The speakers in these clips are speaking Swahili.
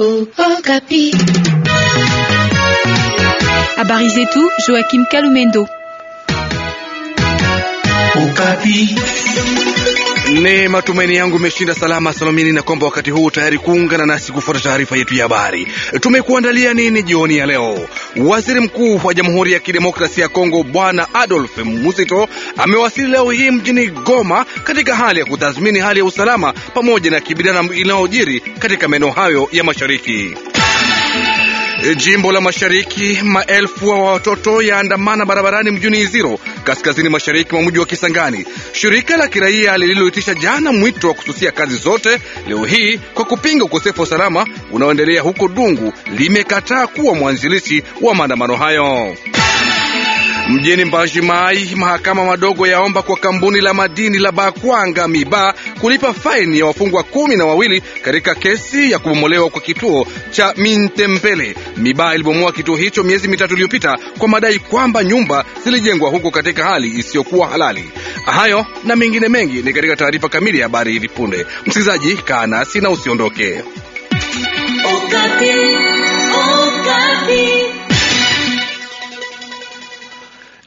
Oh, Okapi. Habari zetu Joachim Kalumendo. Okapi. Ni matumaini yangu umeshinda salama salamini, na kwamba wakati huu tayari kuungana nasi kufuata taarifa yetu ya habari. Tumekuandalia nini jioni ya leo? Waziri Mkuu wa Jamhuri ya Kidemokrasia ya Kongo Bwana Adolf Muzito amewasili leo hii mjini Goma katika hali ya kutathmini hali ya usalama pamoja na kibinadamu inayojiri katika maeneo hayo ya mashariki. E, jimbo la mashariki, maelfu wa watoto yaandamana barabarani mjini Iziro, kaskazini mashariki mwa mji wa Kisangani. Shirika la kiraia lililoitisha jana mwito wa kususia kazi zote leo hii kwa kupinga ukosefu wa usalama unaoendelea huko Dungu limekataa kuwa mwanzilishi wa maandamano hayo. Mjini Mbajimai, mahakama madogo yaomba kwa kampuni la madini la Bakwanga Miba kulipa faini ya wafungwa kumi na wawili katika kesi ya kubomolewa kwa kituo cha Mintembele. Miba ilibomoa kituo hicho miezi mitatu iliyopita kwa madai kwamba nyumba zilijengwa huko katika hali isiyokuwa halali. Hayo na mengine mengi ni katika taarifa kamili ya habari hivi punde. Msikilizaji, kaa nasi na usiondoke.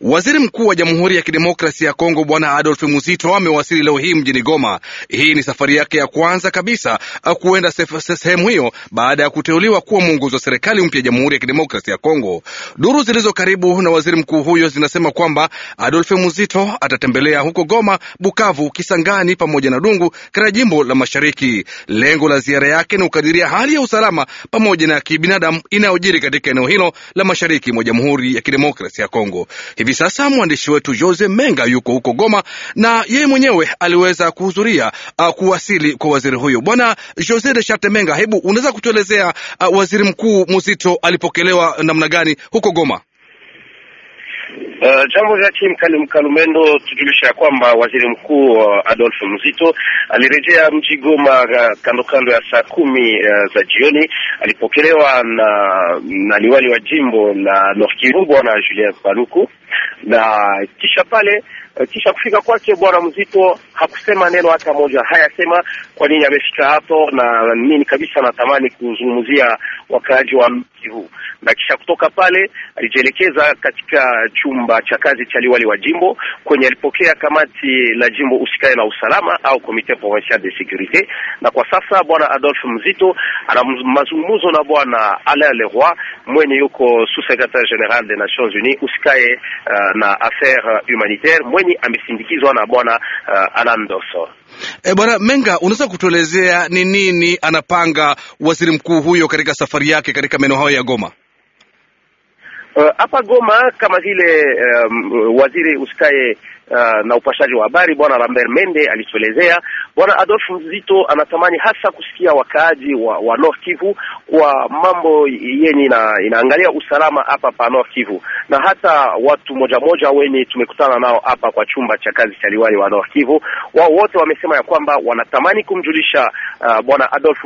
Waziri mkuu wa Jamhuri ya Kidemokrasia ya Kongo Bwana Adolf Muzito amewasili leo hii mjini Goma. Hii ni safari yake ya kwanza kabisa kuenda sehemu hiyo baada ya kuteuliwa kuwa mwongozi wa serikali mpya ya Jamhuri ya Kidemokrasia ya Kongo. Duru zilizo karibu na waziri mkuu huyo zinasema kwamba Adolf Muzito atatembelea huko Goma, Bukavu, Kisangani pamoja na Dungu katika jimbo la Mashariki. Lengo la ziara yake ni kukadiria hali ya usalama pamoja na kibinadamu inayojiri katika eneo hilo la mashariki mwa Jamhuri ya Kidemokrasia ya Kongo. Hivi sasa mwandishi wetu Jose Menga yuko huko Goma na yeye mwenyewe aliweza kuhudhuria uh, kuwasili kwa waziri huyo. Bwana Jose de Charte Menga, hebu unaweza kutuelezea uh, waziri mkuu Muzito alipokelewa namna gani huko Goma? Uh, jambo zake Mkalumendo, tujulisha ya kwamba waziri mkuu eh, Adolf mzito alirejea mji Goma eh, kando kando ya saa kumi uh, za jioni. Alipokelewa na na liwali wa jimbo la Nord Kivu bwana Julien Paluku, na kisha pale Eh, kisha kufika kwake bwana Mzito hakusema neno hata moja, hayasema kwa nini amefika hapo, na mimi kabisa natamani kuzungumzia wakaaji wa mji huu. Na kisha kutoka pale alijielekeza katika chumba cha kazi cha liwali wa jimbo kwenye alipokea kamati la jimbo usikae na usalama au Comite Provincial de Securite, na kwa sasa bwana Adolf Mzito ana mazungumzo na bwana Alain Leroy mwenye yuko sous secrétaire général des Nations Unies usikae uh, eh, na affaire humanitaire mwenye Nyani amesindikizwa na bwana uh, Alan Doso. E, bwana Menga, unaweza kutuelezea ni nini anapanga waziri mkuu huyo katika safari yake katika maeneo hayo ya Goma? Uh, hapa uh, Goma kama vile um, waziri usikaye uh, na upashaji wa habari bwana Lambert Mende alituelezea. Bwana Adolf Mzito anatamani hasa kusikia wakaaji wa, wa North Kivu kwa mambo yenye ina, inaangalia usalama hapa pa North Kivu, na hata watu moja moja wenye tumekutana nao hapa kwa chumba cha kazi cha liwali wa North Kivu, wao wote wamesema ya kwamba wanatamani kumjulisha uh, bwana Adolf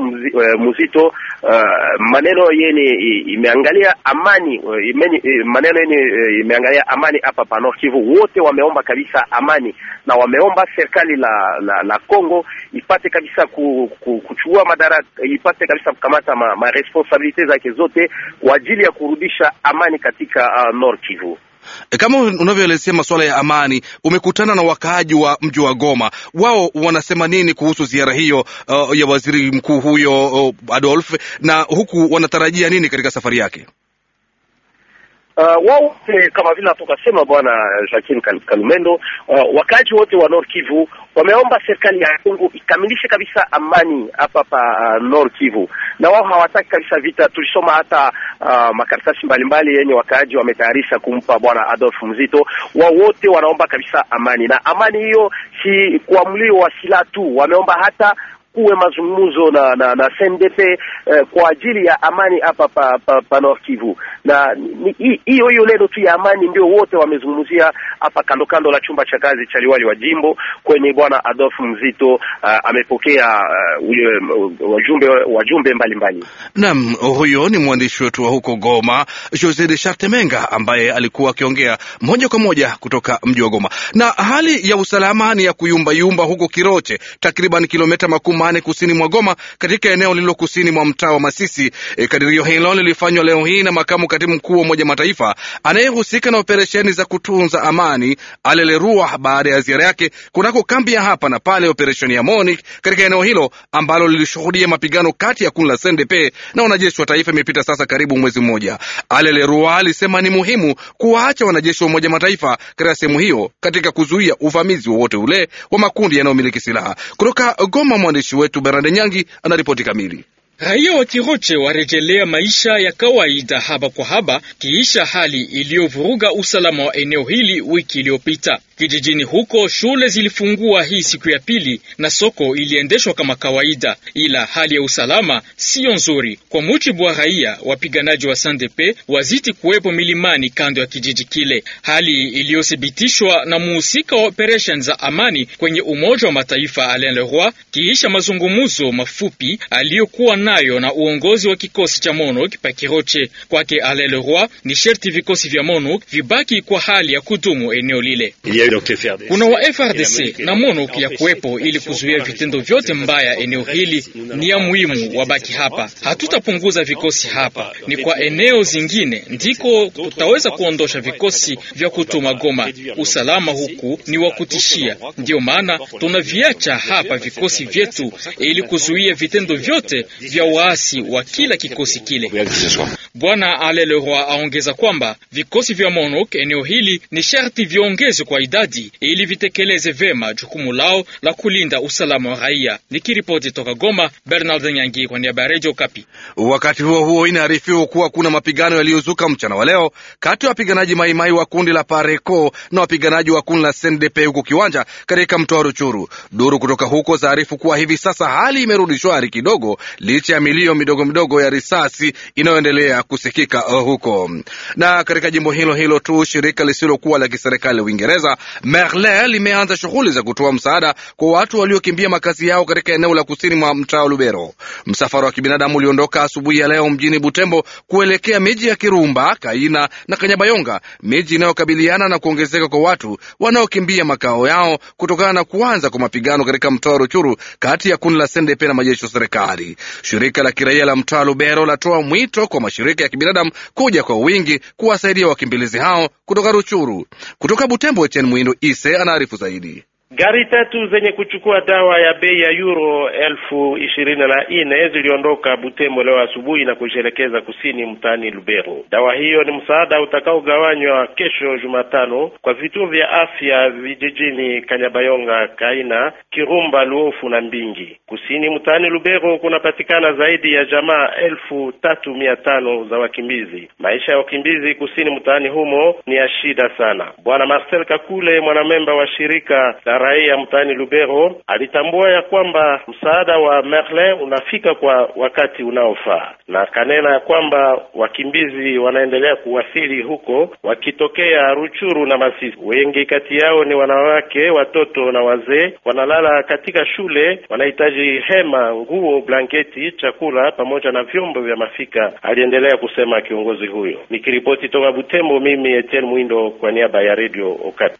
Mzito uh, uh, maneno yenye imeangalia amani uh, imeni, maneno yenye uh, imeangalia amani hapa pa North Kivu, wote wameomba kabisa kabisa amani, na wameomba serikali la la, la Kongo ipate kabisa ku, ku, kuchukua madaraka, ipate kabisa kukamata ma, ma responsabilite zake zote kwa ajili ya kurudisha amani katika uh, Nord Kivu. Eh, kama unavyoelezea masuala ya amani, umekutana na wakaaji wa mji wa Goma. Wao wanasema nini kuhusu ziara hiyo uh, ya waziri mkuu huyo uh, Adolf, na huku wanatarajia nini katika safari yake? Uh, wao wote kama vile hapo bwana eh, Jacqueline Kalumendo, uh, wakaaji wote wa Nord Kivu wameomba serikali ya Kongo ikamilishe kabisa amani hapa pa uh, Nord Kivu, na wao hawataki kabisa vita. Tulisoma hata uh, makaratasi mbalimbali yenye wakaaji wametayarisha kumpa bwana Adolf Mzito. Wao wote wanaomba kabisa amani, na amani hiyo si kwa wa silaha tu, wameomba hata kuwe mazungumzo na na, na SNDP eh, kwa ajili ya amani hapa pa, pa, pa Nord Kivu na hiyo hiyo neno tu ya amani ndio wote wamezungumzia hapa kando kando la chumba cha kazi cha liwali wa jimbo kwenye bwana Adolf Mzito uh, amepokea uh, uh wajumbe wajumbe mbalimbali. Naam, huyo ni mwandishi wetu wa huko Goma Jose de Chartemenga ambaye alikuwa akiongea moja kwa moja kutoka mji wa Goma. Na hali ya usalama ni ya kuyumbayumba huko Kiroche, takriban kilomita makumi manne kusini mwa Goma, katika eneo lililo kusini mwa mtaa wa Masisi. E, kadirio hilo lilifanywa leo hii na makamu katibu mkuu wa Umoja Mataifa anayehusika na operesheni za kutunza amani Alelerua baada ya ziara yake kunako kambi ya hapa na pale operesheni ya MONUC katika eneo hilo ambalo lilishuhudia mapigano kati ya kundi la SNDP na wanajeshi wa taifa imepita sasa karibu mwezi mmoja. Alelerua alisema ni muhimu kuwaacha wanajeshi wa Umoja Mataifa katika sehemu hiyo katika kuzuia uvamizi wowote ule wa makundi yanayomiliki silaha. Kutoka Goma, mwandishi wetu Bernard Nyangi anaripoti kamili. Raia wa Kiroche warejelea maisha ya kawaida haba kwa haba kiisha hali iliyovuruga usalama wa eneo hili wiki iliyopita. Kijijini huko shule zilifungua hii siku ya pili na soko iliendeshwa kama kawaida, ila hali ya usalama siyo nzuri. Kwa mujibu wa raia, wapiganaji wa SNDP wazidi kuwepo milimani kando ya kijiji kile, hali iliyothibitishwa na muhusika wa operesheni za amani kwenye Umoja wa Mataifa Alain Leroy, kiisha mazungumzo mafupi aliyokuwa nayo na uongozi wa kikosi cha MONUC Pakiroche. Kwake Alain Leroy, ni sherti vikosi vya MONUC vibaki kwa hali ya kudumu eneo lile. Kuna wa FRDC na MONUC ya kuwepo ili kuzuia vitendo vyote mbaya. Eneo hili ni ya muhimu, wabaki hapa. Hatutapunguza vikosi hapa, ni kwa eneo zingine ndiko tutaweza kuondosha vikosi vya kutuma Goma. Usalama huku ni wa kutishia, ndiyo maana tunaviacha hapa vikosi vyetu ili kuzuia vitendo vyote vya waasi wa kila kikosi kile. Bwana Ale Leroy aongeza kwamba vikosi vya MONUC eneo hili ni sharti viongezwe kwa idadi utendaji ili vitekeleze vema jukumu lao la kulinda usalama wa raia. Nikiripoti toka Goma, Bernard Nyangi kwa niaba ya Radio Kapi. Wakati huo huo, inaarifiwa kuwa kuna mapigano yaliyozuka mchana wa leo kati ya wapiganaji maimai wa kundi la Pareco na wapiganaji wa kundi la SNDP huko Kiwanja katika wa Ruchuru. Duru kutoka huko zaarifu kuwa hivi sasa hali imerudi shwari kidogo, licha ya milio midogo midogo ya risasi inayoendelea kusikika uh, huko. Na katika jimbo hilo hilo tu, shirika lisilokuwa la kiserikali Uingereza Merlin limeanza shughuli za kutoa msaada kwa watu waliokimbia makazi yao katika eneo la kusini mwa mtaa wa Lubero. Msafara wa kibinadamu uliondoka asubuhi ya leo mjini Butembo kuelekea miji ya Kirumba, Kaina na Kanyabayonga, miji inayokabiliana na kuongezeka kwa watu wanaokimbia makao yao kutokana na kuanza kwa mapigano katika mtaa wa Ruchuru kati ya kundi la SNDP na majeshi ya serikali. Shirika la kiraia la mtaa wa Lubero latoa mwito kwa mashirika ya kibinadamu kuja kwa wingi kuwasaidia wakimbilizi hao kutoka Ruchuru. Kutoka Butembo, Etienne Mwindo Ise anaarifu zaidi. Gari tatu zenye kuchukua dawa ya bei ya euro elfu ishirini na nne ziliondoka Butembo leo asubuhi na kujielekeza kusini mtaani Lubero. Dawa hiyo ni msaada utakaogawanywa kesho Jumatano kwa vituo vya afya vijijini Kanyabayonga, Kaina, Kirumba, Luofu na Mbingi. Kusini mtaani Lubero kunapatikana zaidi ya jamaa elfu tatu mia tano za wakimbizi. Maisha ya wakimbizi kusini mtaani humo ni ya shida sana. Bwana Marcel Kakule, mwanamemba wa shirika la raia mtaani Lubero alitambua ya kwamba msaada wa Merlin unafika kwa wakati unaofaa, na kanena ya kwamba wakimbizi wanaendelea kuwasili huko wakitokea Ruchuru na Masisi. Wengi kati yao ni wanawake, watoto na wazee, wanalala katika shule, wanahitaji hema, nguo, blanketi, chakula pamoja na vyombo vya mafika, aliendelea kusema kiongozi huyo. Nikiripoti toka Butembo, mimi Etienne Mwindo kwa niaba ya Radio Okapi.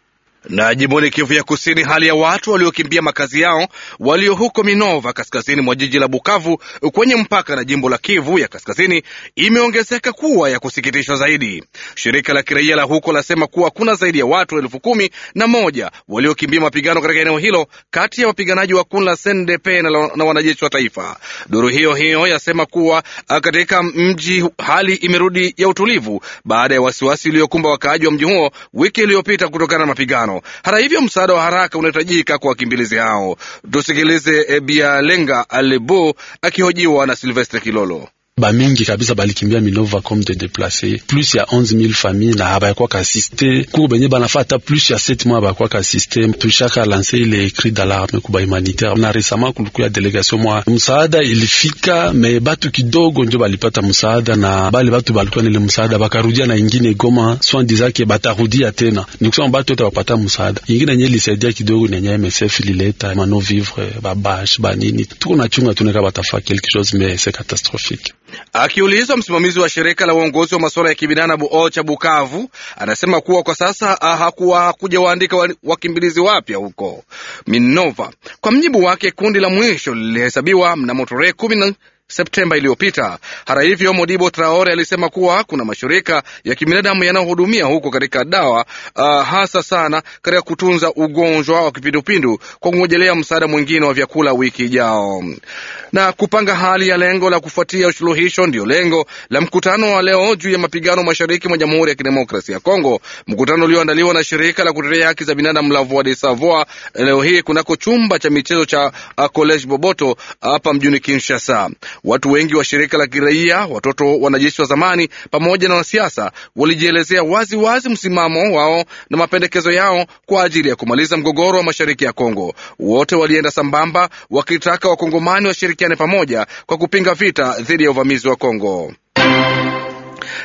Na jimboni Kivu ya Kusini, hali ya watu waliokimbia makazi yao walio huko Minova, kaskazini mwa jiji la Bukavu kwenye mpaka na jimbo la Kivu ya Kaskazini imeongezeka kuwa ya kusikitisha zaidi. Shirika la kiraia la huko lasema kuwa kuna zaidi ya watu elfu kumi na moja waliokimbia mapigano katika eneo hilo kati ya wapiganaji wa kundi la SNDP na, na wanajeshi wa taifa. Duru hiyo hiyo yasema kuwa ah, katika mji hali imerudi ya utulivu baada ya wasiwasi uliokumba wakaaji wa mji huo wiki iliyopita kutokana na mapigano. Hata hivyo, msaada wa haraka unahitajika kwa wakimbilizi hao. Tusikilize Lenga Alebo akihojiwa na Silvestre Kilolo bamingi kabisa balikimbia Minova comme te déplacer plus ya 11000 famille na habayakwaka assiste ku benye banafata plus ya 7 mois habayakwaka assiste. Tushaka lancer ile cri d'alarme kuba humanitaire, na resama kulikuya delegation mwa msaada ilifika, me batu kidogo njo balipata msaada, na bale batu balikuwa nile msaada bakarudia na ingine Goma soin dizake batarudia tena, ni kusema batu wote bapata msaada ingine nye lisaidia kidogo, nenye MSF lileta mano vivre babash banini, tuko na chunga tuneka batafaa quelque chose mais c'est catastrophique. Akiulizwa, msimamizi wa shirika la uongozi wa masuala ya kibinadamu cha Bukavu anasema kuwa kwa sasa ah, hakuwa hakuja waandika wakimbilizi wapya huko Minova. Kwa mjibu wake, kundi la mwisho lilihesabiwa mnamo tarehe kumi Septemba iliyopita. Hata hivyo, Modibo Traore alisema kuwa kuna mashirika ya kibinadamu yanayohudumia huko katika dawa uh, hasa sana katika kutunza ugonjwa wa kipindupindu kwa kungojelea msaada mwingine wa vyakula wiki ijao na kupanga hali ya lengo la kufuatia suluhisho. ndio lengo la mkutano wa leo juu ya mapigano mashariki mwa Jamhuri ya Kidemokrasia ya Kongo, mkutano ulioandaliwa na shirika la kutetea haki za binadamu la Voix de Savoie eh, leo hii kunako chumba cha michezo cha ah, College Boboto ah, hapa mjini Kinshasa. Watu wengi wa shirika la kiraia, watoto, wanajeshi wa zamani pamoja na wanasiasa walijielezea wazi wazi msimamo wao na mapendekezo yao kwa ajili ya kumaliza mgogoro wa mashariki ya Kongo. Wote walienda sambamba wakitaka wakongomani washirikiane pamoja kwa kupinga vita dhidi ya uvamizi wa Kongo.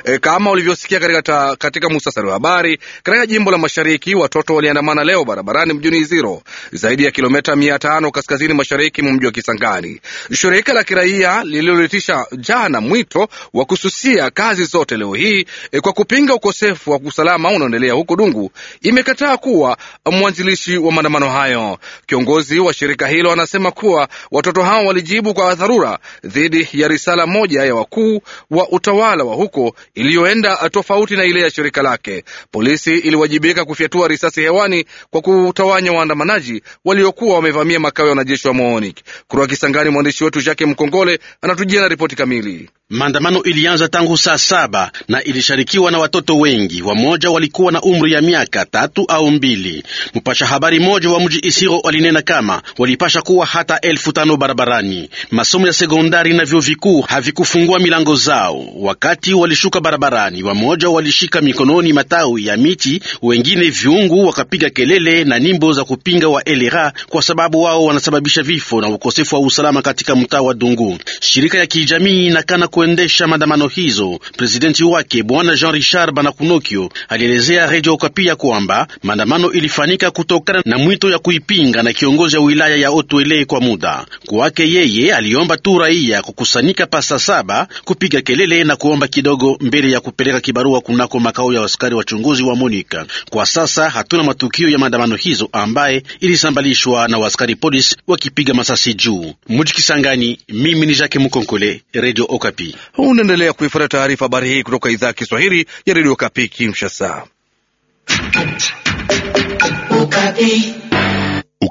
E, kama ulivyosikia katika, katika muhtasari wa habari, katika jimbo la mashariki watoto waliandamana leo barabarani mjini Iziro, zaidi ya kilomita mia tano kaskazini mashariki mwa mji wa Kisangani. Shirika la kiraia lililoitisha jana mwito wa kususia kazi zote leo hii e, kwa kupinga ukosefu wa usalama unaoendelea huko Dungu imekataa kuwa mwanzilishi wa maandamano hayo. Kiongozi wa shirika hilo anasema kuwa watoto hao walijibu kwa dharura dhidi ya risala moja ya wakuu wa utawala wa huko iliyoenda tofauti na ile ya shirika lake. Polisi iliwajibika kufyatua risasi hewani kwa kutawanya waandamanaji waliokuwa wamevamia makao ya wanajeshi wa MONUC. Kutoka Kisangani, mwandishi wetu Jacques Mkongole anatujia na ripoti kamili. Maandamano ilianza tangu saa saba na ilisharikiwa na watoto wengi, wamoja walikuwa na umri ya miaka tatu au mbili. Mpasha habari moja wa mji Isiro walinena kama walipasha kuwa hata elfu tano barabarani. Masomo ya sekondari na vyuo vikuu havikufungua milango zao wakati wali walishuka barabarani, wamoja walishika mikononi matawi ya miti, wengine viungu, wakapiga kelele na nimbo za kupinga wa elera, kwa sababu wao wanasababisha vifo na ukosefu wa usalama katika mtaa wa Dungu. Shirika ya kijamii inakana kuendesha maandamano hizo. Presidenti wake bwana Jean Richard Banakunokyo alielezea Radio Okapi ya kwamba maandamano ilifanyika kutokana na mwito ya kuipinga na kiongozi wa wilaya ya Otwele kwa muda. Kwake yeye aliomba tu raia kukusanyika pasa saba kupiga kelele na kuomba kidogo kidogo mbele ya kupeleka kibarua kunako makao ya askari wachunguzi wa Monika. Kwa sasa hatuna matukio ya maandamano hizo ambaye ilisambalishwa na waskari polisi wakipiga masasi juu mujikisangani Kisangani. Mimi ni Jacques Mukonkole, Radio Okapi. Unaendelea kuifuata taarifa habari hii kutoka idhaa ya Kiswahili ya Radio Okapi Kinshasa.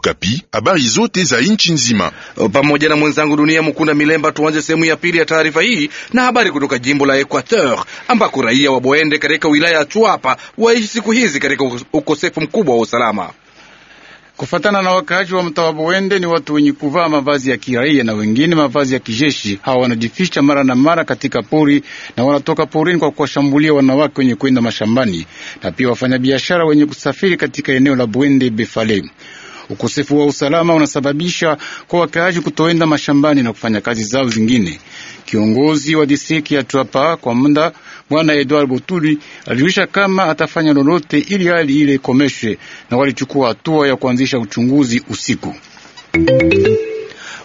Okapi, habari zote za nchi nzima pamoja na mwenzangu Dunia Mukunda Milemba. Tuanze sehemu ya pili ya taarifa hii na habari kutoka jimbo la Equateur ambako raia wa Boende katika wilaya ya Chuapa waishi siku hizi katika ukosefu mkubwa wa usalama. Kufatana na wakaaji wa mtaa wa boende ni watu wenye kuvaa mavazi ya kiraia na wengine mavazi ya kijeshi. Hawa wanajificha mara na mara katika pori na wanatoka porini kwa kuwashambulia wanawake wenye kwenda mashambani na pia wafanyabiashara wenye kusafiri katika eneo la bwende Befale. Ukosefu wa usalama unasababisha kwa wakaaji kutoenda mashambani na kufanya kazi zao zingine. Kiongozi wa distrikti ya Tuapa kwa muda Bwana Edward Botuli alijulisha kama atafanya lolote ili hali ile ikomeshwe, na walichukua hatua ya kuanzisha uchunguzi usiku.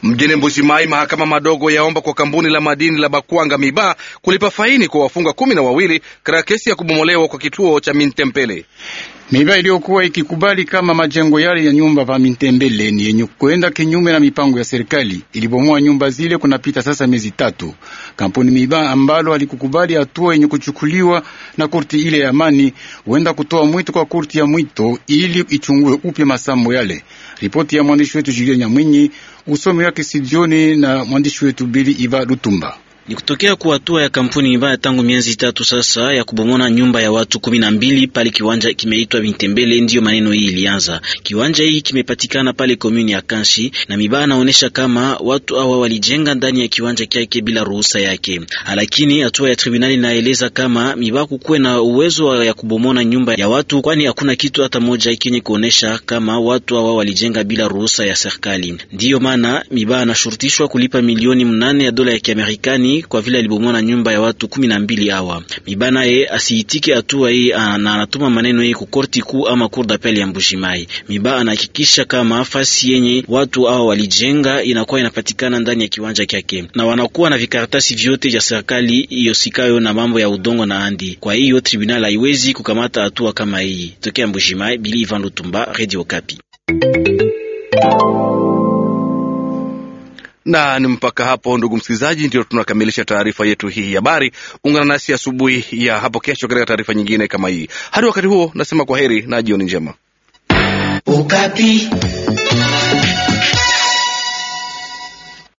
Mjini Mbushimai, mahakama madogo yaomba kwa kampuni la madini la Bakwanga Miba kulipa faini kwa wafungwa kumi na wawili katika kesi ya kubomolewa kwa kituo cha Mintempele. Miba iliyokuwa ikikubali kama majengo yale ya nyumba va ni yenye kwenda kinyume na mipango ya serikali ilibomoa nyumba zile kunapita sasa miezi tatu. Kampuni Miba ambalo alikukubali hatua yenye kuchukuliwa na kurti ile ya amani huenda kutoa mwito kwa kurti ya mwito ili ichungue upya masambo yale. Ripoti ya mwandishi wetu julia Nyamwinyi, usomi wake Sidioni na mwandishi wetu Bili Iva Lutumba. Ni kutokea kwa hatua ya kampuni mbaya tangu miezi tatu sasa ya kubomona nyumba ya watu kumi na mbili pale kiwanja kimeitwa Bintembele, ndiyo maneno hii ilianza. Kiwanja hii kimepatikana pale komuni ya Kanshi, na mibaya anaonyesha kama watu hawa walijenga ndani ya kiwanja kyake bila ruhusa yake, lakini hatua ya tribunali inaeleza kama mibaya kukuwe na uwezo ya kubomona nyumba ya watu, kwani hakuna kitu hata moja kenye kuonesha kama watu hawa walijenga bila ruhusa ya serikali. Ndiyo maana mibaya anashurutishwa kulipa milioni mnane ya dola ya Kiamerikani kwa vile alibomoa nyumba ya watu kumi na mbili hawa. Mibana ye asiitike hatua hii ah, na anatuma maneno hii kukorti kuu ama cour d'appel ya Mbushimai. Miba anahakikisha kama fasi yenye watu hawa walijenga inakuwa inapatikana ndani ya kiwanja kyake na wanakuwa na vikaratasi vyote vya serikali iyosikayo na mambo ya udongo na andi. Kwa hiyo tribunal haiwezi kukamata hatua kama hii. Tokea Mbushimai, Bili Ivan Lutumba, Radio Kapi na ni mpaka hapo, ndugu msikilizaji, ndio tunakamilisha taarifa yetu hii habari. Ungana nasi asubuhi ya, ya hapo kesho katika taarifa nyingine kama hii. Hadi wakati huo, nasema kwa heri na jioni njema. Ukapi.